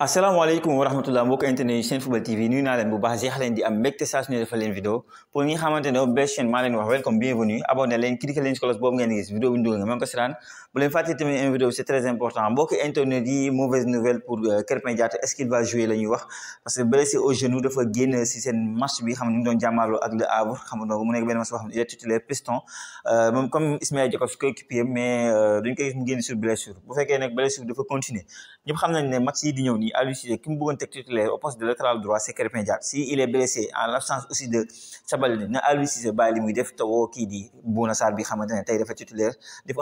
Assalamu asalaamaaleykum wa rahmatullah mbokk internet yi seen football tv nuyu naa leen bu baax jeex leen di am mbégte saa su ne defal leen vidéo pour ñi nga xamante chaîne ma leen wax welcome bienvenue abonné leen cliquer leen ci cloche bo ngeen gis vidéo bu ndugal nga mën ko seetaan bu leen fàtte tamit une vidéo c'est très important mbokk internet yi mauvaise nouvelle pour euh, Kerpen Diatta est-ce qu'il va jouer la wax parce que blessé au genou dafa génn ci sen match bi xam ne ñu ngi doon jàmmaarloo ak le Havre xam nga mu nekk benn match xam ne il est titulaire piston euh, moom comme Ismaïla Jakobs coéquipier mais euh, duñ ko gis mu génn sur blessure bu féké nak blessure dafa continuer ñep xam nañ né match yi di ñëw nii ni Aliou Cissé ki mu titulaire au poste de latéral droit c'est Krépin Diatta si il est blessé en l'absence aussi de Sabaly na Aliou Cissé bàyyi li muy def tawoo kii di Bouna Sarr bi xamante ne tey dafa titulaire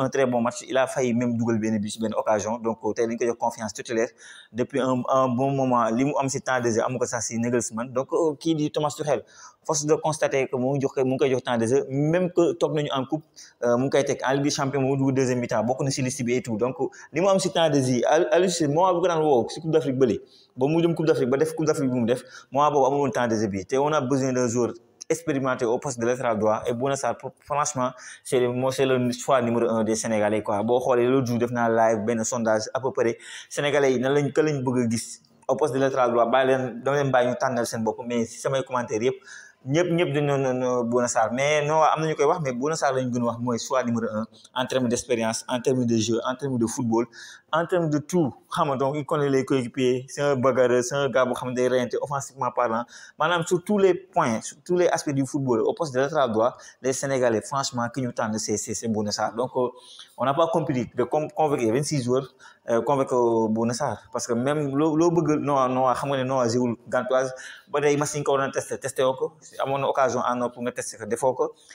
un très bon match il a failli même double benn but benn occasion donc tey dañ ko jox confiance titulaire depuis un un bon moment li mu am si temps de jeu amu ko sax si Nagelsmann donc qui euh, di Thomas Tuchel force de constater que mon ngi jox cas ngi jox temps de jeu même que top nañu en coupe euh, mon cas koy en Ligue des champions mon deuxième mi-temps bokk na liste bi et tout donc li mu am si temps de jeu Aliou Cissé moo bu ko si Coupe d'Afrique d'Afrique bële ba mu jëm coupe d'Afrique ba def coupe d'Afrique bi mu def moi boobu amul woon temps de jeu on a besoin d'un joueur expérimenté au poste de latéral droit et bon, ça franchement c'est le moo c'est le choix numéro un des Sénégalais quoi boo xoolee loolu jour def naa live benn sondage à peu près Sénégalais yi nan lañ ka lañ bëgg gis au poste de latéral droit bah, leen dama leen bàyyi ñu tànnal seen mais si samay commentaires yëpp ñëpp ñëpp dañu doon mais non amna na ñu koy wax mais Bouna Sarr la gën wax moy choix numéro un en termes d'expérience en termes de jeu en termes de football en termes de tout xam donc il connaît les coéquipiers c'est un bagarreur c'est un gars qui xam ne offensivement parlant Madame sur tous les points sur tous les aspects du football au poste de latéral droit les Sénégalais franchement qui nous tendent c'est c'est Bouna donc euh, on n'a pas compris de convoquer 26 joueurs euh, convoquer euh, Bouna Sarr parce que même le non, non non non xam nga non, Gantouaz gantoise ba day machine ko waroon a testé testé woo occasion en pour nga tester, des fois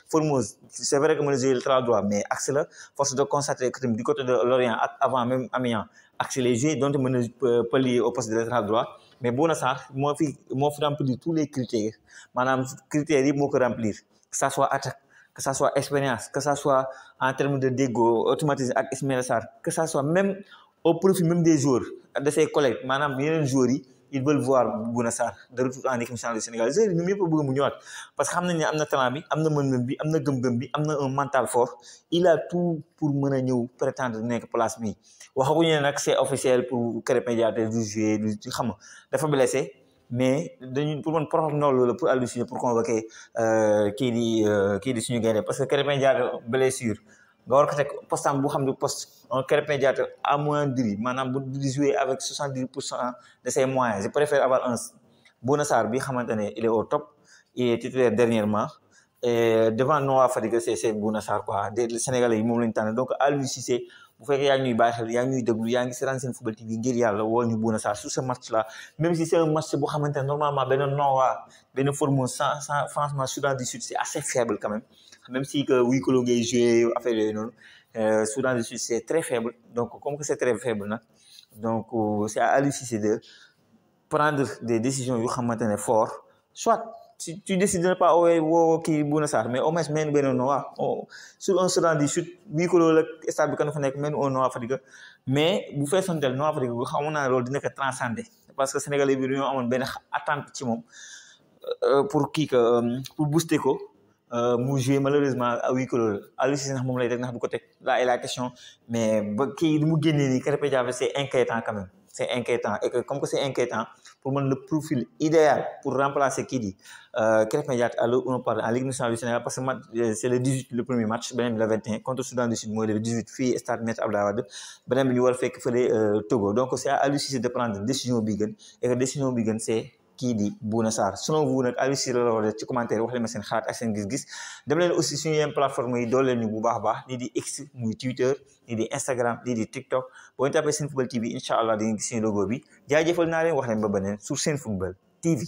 Formose c'est vrai que mon na droit mais axe force de constater que du côté de Lorient avant même Darmian ak je ne dont lire au poste de latéral droit mais bon ça moi fi moi fi tous les critères Madame, critères yi faut remplir que ça soit attaque que ça soit expérience que ça soit en termes de dégo automatisme avec Ismaël Sarr que ça soit même au profit même des joueurs de ses collègues y a joueurs ils veulent voir Bouna Sarr de retour en équipe nationale du Sénégal Je yi ñoom ñëpp a bëgg mu parce que xam nañ ne am talent bi am na mën bi am na gëm-gëm bi am na un mental fort il a tout pour mën ñëw prétendre nekk place bi waxaguñu ne nag c'est officiel pour Krépin Diatta du jouer du xam nga dafa blessé mais dañu pour man problème noonu pour Aliou Cissé pour convoquer qui euh, di euh, kii di suñu gaynde parce que Krépin Diatta blessure nga war ko teg poste en bu xam ne moins un Krépin maintenant amoindri maanaam bu di jouer avec soixante de ses moyens je préfère avoir un Bouna Sarr bi xamante il est au top il est titulaire dernièrement et devant Noah Fadiga c'est c'est Bouna Sarr quoi des Sénégalais yi moom tane tànn donc Aliou Cissé bu fekkee yaa ngi ñuy bàyyi xel yaa ngi ñuy déglu yaa ngi seetaan seen football TV ngir yàlla woo ñu Bouna Sarr sur ce match là même si c'est un match boo xamante ne normalement benn Noa benn forme sans sans franchement Soudan du Sud c'est assez faible quand même même si que huis clos ngay joué affaire yooyu noonu euh, Soudan du Sud c'est très faible donc comme que c'est très faible nag donc euh, c'est à Aliou Cissé de prendre des décisions yu xamante ne fort soit. tu, tu décides de ne pas woo oh, woo kii Bouna Sarr mais au moins meen benn no waa oh, sur un sedan di chute ko loolu ak stade bi kan fa nekk meen un non Afrique mais bu feesoon del non Afrique bu xamoon naa loolu dina ko transcender parce que Sénégalais bi dañoo amoon benn attente ci moom euh, pour kii que euh, pour booster ko euh, mu joué malheureusement à huis clos Aliou Cissé ndax moom lay teg ndax du ko teg là est la question mais ba kii mu génnee nii Krépin Diatta c'est inquiétant c'est inquiétant. Et que comme que c'est inquiétant, pour moi, le profil idéal pour remplacer Kidi, euh, quelqu'un y à on parle en Ligue nationale parce que euh, c'est le 18, le premier match, ben, le 21, contre Soudan du Sud, moi, le 18, puis Stade met abdallah, ben, il fait que Togo. Donc, c'est à lui de prendre une décision big et que décision big c'est kii di Bouna Sarr selon vous nag avis si la la commentaire wax leen ma seen xalaat seen gis-gis dem leen aussi suñu yeneen plateforme yi dooleel bu baax a baax lii di X muy Twitter lii di Instagram lii di TikTok boo ñu tapee Senfootball TV incha allah dañuy gis seen logo bi jaajëfal naa leen wax leen ba beneen sur Senfootball TV.